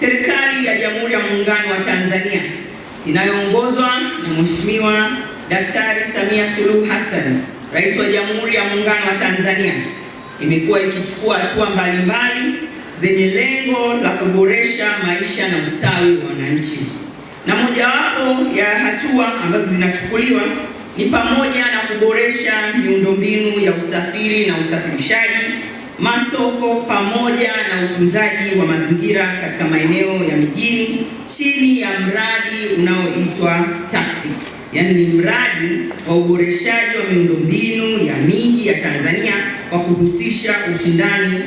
Serikali ya Jamhuri ya Muungano wa Tanzania inayoongozwa na Mheshimiwa Daktari Samia Suluhu Hassan, Rais wa Jamhuri ya Muungano wa Tanzania, imekuwa ikichukua hatua mbalimbali zenye lengo la kuboresha maisha na ustawi wa wananchi, na mojawapo ya hatua ambazo zinachukuliwa ni pamoja na kuboresha miundombinu ya usafiri na usafirishaji masoko pamoja na utunzaji wa mazingira katika maeneo ya mijini chini ya mradi unaoitwa TACTIC, yaani ni mradi wa uboreshaji wa miundombinu ya miji ya Tanzania kwa kuhusisha ushindani.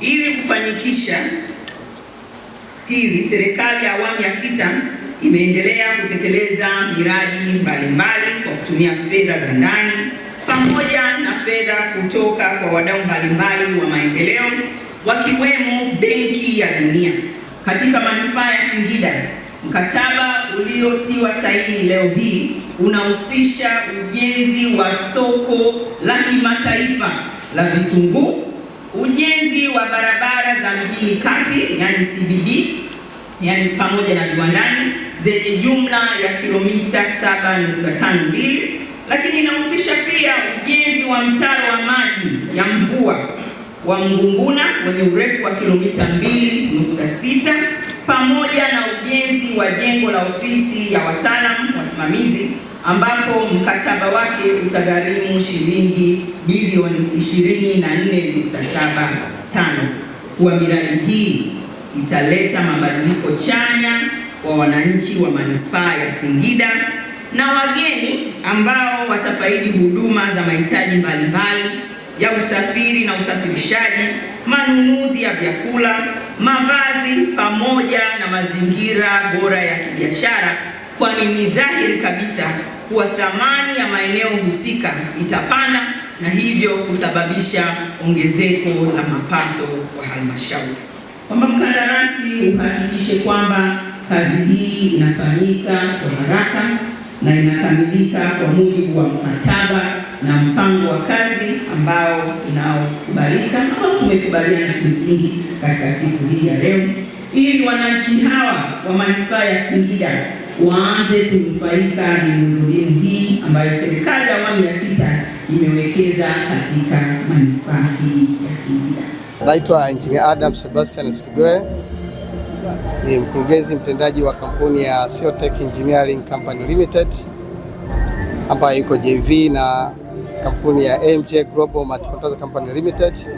Ili kufanikisha hili, serikali ya awamu ya sita imeendelea kutekeleza miradi mbalimbali kwa kutumia fedha za ndani pamoja na fedha kutoka kwa wadau mbalimbali wa maendeleo wakiwemo Benki ya Dunia. Katika manispaa ya Singida, mkataba uliotiwa saini leo hii unahusisha ujenzi wa soko la kimataifa la vitunguu, ujenzi wa barabara za mjini kati, yani CBD, yani pamoja na viwandani zenye jumla ya kilomita 7.52 lakini inahusisha pia ujenzi wa mtaro wa maji ya mvua wa Mgunguna wenye urefu wa kilomita 2.6 pamoja na ujenzi wa jengo la ofisi ya wataalamu wasimamizi ambapo mkataba wake utagharimu shilingi bilioni 24.75. Kwa miradi hii italeta mabadiliko chanya kwa wananchi wa manispaa ya Singida na wageni ambao watafaidi huduma za mahitaji mbalimbali ya usafiri na usafirishaji, manunuzi ya vyakula, mavazi, pamoja na mazingira bora ya kibiashara, kwani ni dhahiri kabisa kuwa thamani ya maeneo husika itapanda na hivyo kusababisha ongezeko la mapato kwa halmashauri. Kwamba mkandarasi uhakikishe kwamba kazi hii inafanyika kwa haraka na inakamilika kwa mujibu wa mkataba na mpango wa kazi ambao unaokubalika ambao tumekubaliana kimsingi katika siku hii ya leo, ili wananchi hawa wa manispaa ya Singida waanze kunufaika na miundombinu hii ambayo serikali ya awamu ya sita imewekeza katika manispaa hii ya Singida. Naitwa Engineer Adam Sebastian Sikigwe ni mkurugenzi mtendaji wa kampuni ya Siotech Engineering Company Limited ambayo iko JV na kampuni ya AMJ Global Multi-Contractor Company Limited,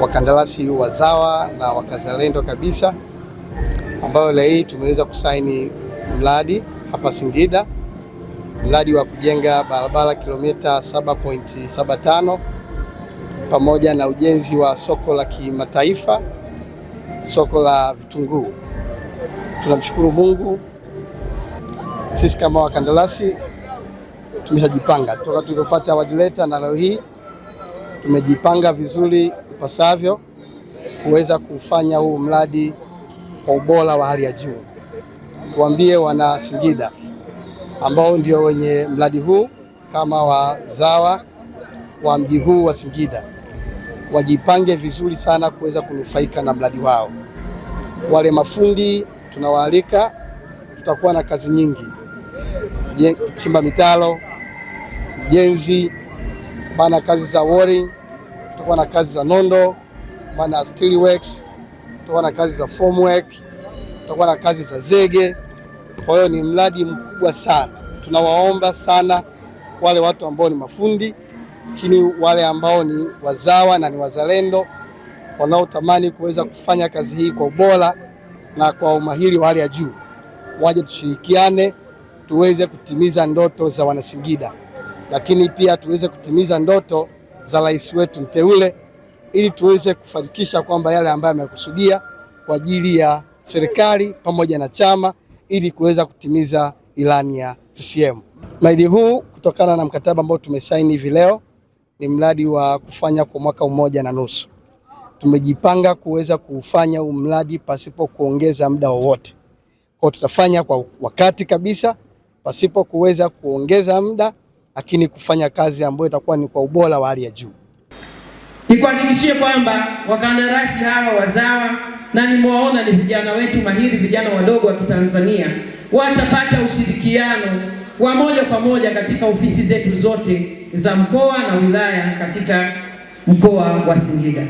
wakandarasi wazawa na wakazalendo kabisa, ambayo leo hii tumeweza kusaini mradi hapa Singida, mradi wa kujenga barabara kilomita 7.75 pamoja na ujenzi wa soko la kimataifa soko la vitunguu. Tunamshukuru Mungu, sisi kama wakandarasi tumeshajipanga toka tulipopata wajileta na leo hii tumejipanga vizuri ipasavyo kuweza kufanya huu mradi kwa ubora wa hali ya juu. Tuambie wana Singida ambao ndio wenye mradi huu kama wazawa wa mji huu wa Singida wajipange vizuri sana kuweza kunufaika na mradi wao. Wale mafundi tunawaalika, tutakuwa na kazi nyingi, kuchimba mitaro, jenzi bana, kazi za wori, tutakuwa na kazi za nondo bana, steel works, tutakuwa na kazi za formwork, tutakuwa na kazi za zege. Kwa hiyo ni mradi mkubwa sana, tunawaomba sana wale watu ambao ni mafundi lakini wale ambao ni wazawa na ni wazalendo wanaotamani kuweza kufanya kazi hii kwa ubora na kwa umahiri wa hali ya juu, waje tushirikiane, tuweze kutimiza ndoto za Wanasingida, lakini pia tuweze kutimiza ndoto za rais wetu mteule, ili tuweze kufanikisha kwamba yale ambayo amekusudia kwa ajili ya serikali pamoja na chama, ili kuweza kutimiza ilani ya CCM. Maidi huu kutokana na mkataba ambao tumesaini hivi leo ni mradi wa kufanya kwa mwaka mmoja na nusu. Tumejipanga kuweza kufanya huu mradi pasipo kuongeza muda wowote, kwa tutafanya kwa wakati kabisa pasipo kuweza kuongeza muda, lakini kufanya kazi ambayo itakuwa ni kwa ubora wa hali ya juu. Nikuhakikishie kwamba wakandarasi hawa wazawa na nimewaona ni vijana wetu mahiri, vijana wadogo wa Kitanzania watapata ushirikiano wa moja kwa moja katika ofisi zetu zote za mkoa na wilaya katika mkoa wa Singida.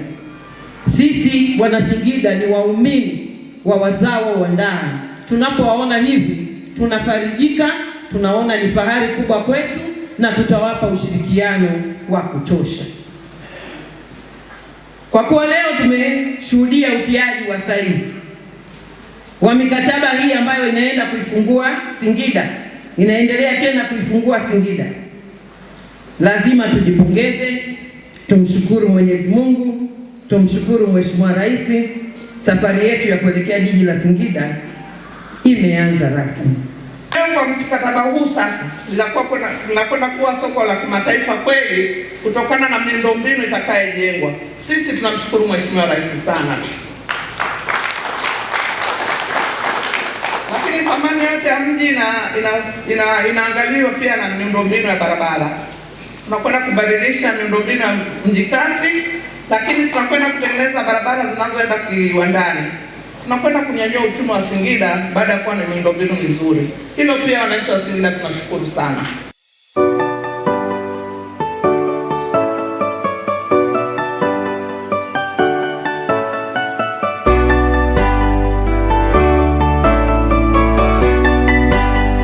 Sisi singida ni waumini wa wazao wa ndani. Tunapowaona hivi tunafarijika, tunaona ni fahari kubwa kwetu na tutawapa ushirikiano wa kutosha. Kwa kuwa leo tumeshuhudia utiaji wa sahihi wa mikataba hii ambayo inaenda kuifungua Singida, inaendelea tena kuifungua Singida. Lazima tujipongeze, tumshukuru Mwenyezi Mungu, tumshukuru Mheshimiwa Rais. Safari yetu ya kuelekea jiji la Singida imeanza rasmi. Kwa mkataba huu sasa linakwenda kuwa soko la kimataifa kweli, kutokana na miundombinu itakayojengwa. Sisi tunamshukuru Mheshimiwa Rais sana, lakini thamani yote ya mji inaangaliwa ina, ina, pia na miundombinu ya barabara tunakwenda kubadilisha miundombinu ya mji kati, lakini tunakwenda kutengeneza barabara zinazoenda kiwandani. Tunakwenda kunyanyua uchumi wa Singida baada ya kuwa na miundombinu mizuri. Hilo pia wananchi wa Singida tunashukuru sana.